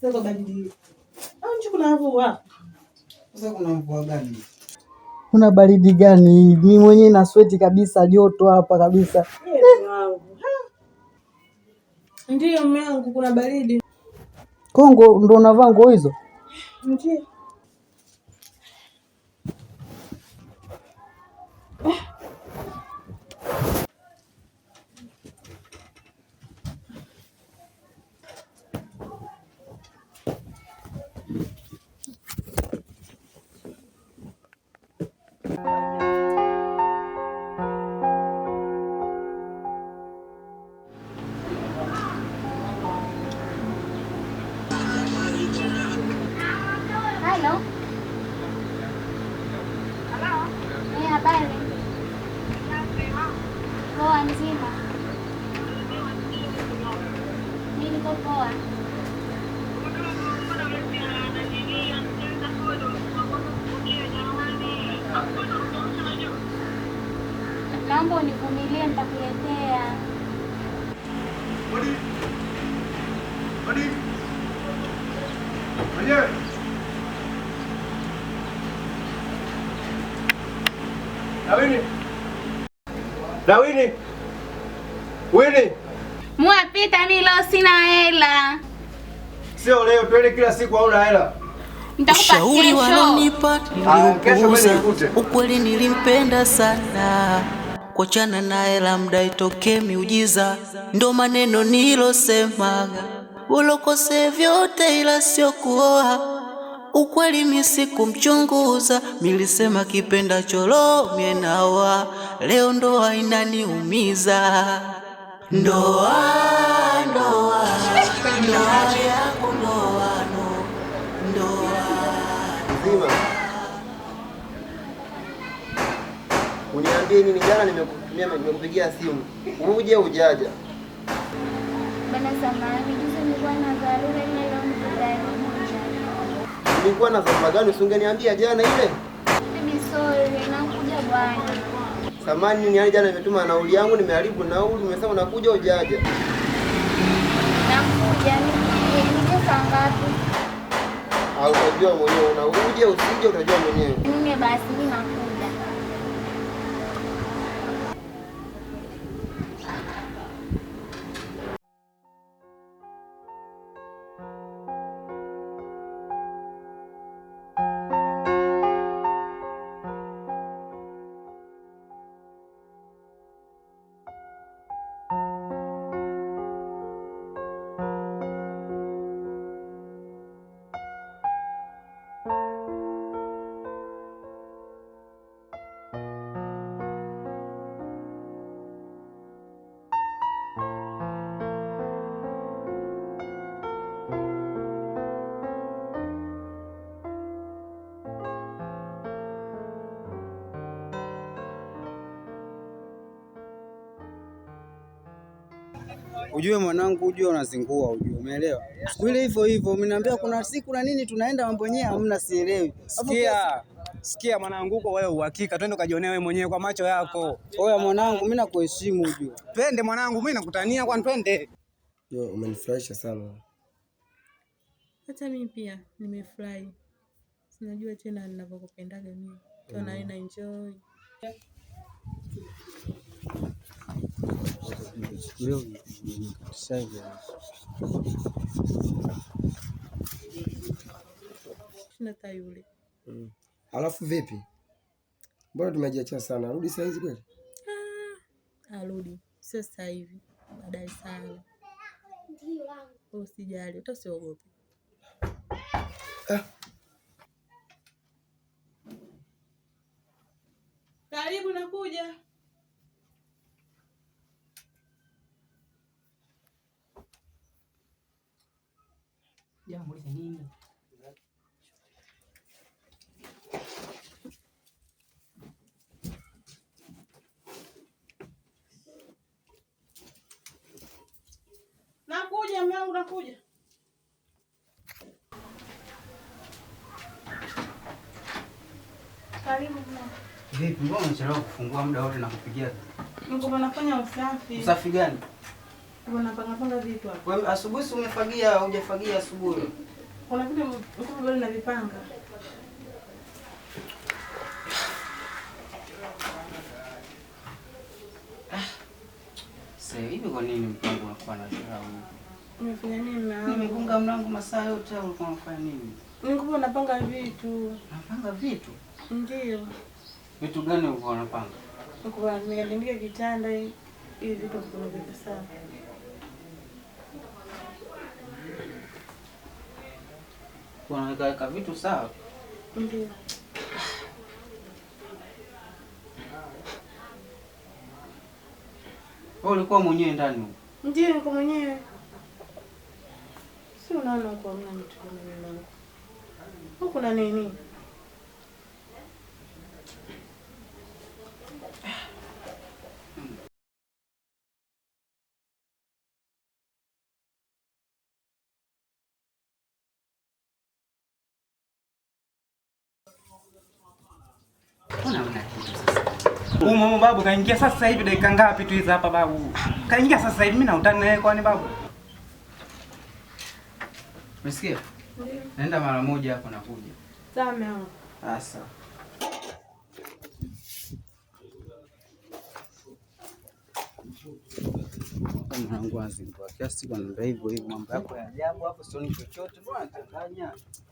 Sasa badilika. Au ah, nje kuna mvua? Sasa kuna mvua gani? Kuna baridi gani? Mimi mwenyewe na sweti kabisa joto hapa kabisa. Ndiyo, mume kuna baridi. Kongo ndo unavaa nguo hizo? Ndiyo. Hello? Hello? May habari. Poa nzima. Nini ko poa? Ah. nitakuletea. mwapita mi leo sina hela. Sio leo, twende kila siku hauna hela. Ushauri walonipa ah, niliupuuza, ukweli nilimpenda sana kuachana naye, la mda itokee miujiza. Ndo maneno nilosemaga, ulokose vyote ila sio kuoa. Ukweli mi sikumchunguza, milisema kipenda cholo mienawa. Leo ndoa inaniumiza, ndoa ndoa ndoa yangu ndoa ndoa niambie nini? Jana nimekutumia nimekupigia simu uje ujaja bana. Samahani, juzi nilikuwa na dharura ile leo nikaja. Nilikuwa na dharura gani? Usingeniambia jana ile. Mimi sorry, nakuja bwana. Samani ni yaani jana nimetuma nauli yangu, nimeharibu nauli, nimesema unakuja ujaja. Nakuja ni nikuja saa ngapi? Au ah, unajua mwenyewe, na uje usije utajua mwenyewe. Mimi basi mimi nakuja. Ujue mwanangu, ujue unazingua, ujue umeelewa. Siku ile hivyo hivyo naambia kuna siku na nini, tunaenda mambo yenyewe hamna, sielewi. Sikia, sikia mwanangu, uko wewe uhakika, twende ukajionea wewe mwenyewe kwa macho yako. Oya mwanangu, mimi nakuheshimu ujue. Twende mwanangu, mimi nakutania, kwa twende. Yo, umenifurahisha sana. Hata mimi pia nimefurahi. Sinajua tena ninavyokupendaga mimi. Tuna mm. ina enjoy. Yeah kijijini kabisa Mm. Alafu vipi? Mbona tumejiachia sana? Arudi saa hizi kweli? Ah, arudi sio sasa hivi, baadaye sana. Usijali, oh, hata Muulize nini? Nakuja mume wangu, nakuja. Karibu. Vipi, mbona unachelewa kufungua muda wote na kupigia? Niko nafanya usafi. Usafi gani? Unapanga panga vitu hapo. Wewe asubuhi si umefagia au hujafagia asubuhi? Unakuja mkopo bali na vipanga. Sasa hivi kwa nini mpango unakuwa na dharau? Umefanya nini na nimefunga mlango masaa yote au ulikuwa unafanya nini? Nilikuwa napanga vitu. Napanga vitu? Ndio. Vitu gani ulikuwa unapanga? Nilikuwa nimeandika kitanda hivi vitu viko sawa. kunawekaweka vitu sawa. Ndio. Wewe ulikuwa mwenyewe ndani huko? Ndio, niko mwenyewe. Si unaona huko hamna mtu kama mimi. Huko kuna nini? Umo babu kaingia sasa hivi dakika ngapi tu hizo hapa babu. Kaingia sasa hivi mimi na utani naye kwani babu. Umesikia? Naenda mara moja hapo nakuja. Sawa mama. Ah, sasa. Mwanangu anzi kwa kiasi kwa ndio hivyo hivyo mambo yako ya ajabu hapo sioni chochote bwana tanganya.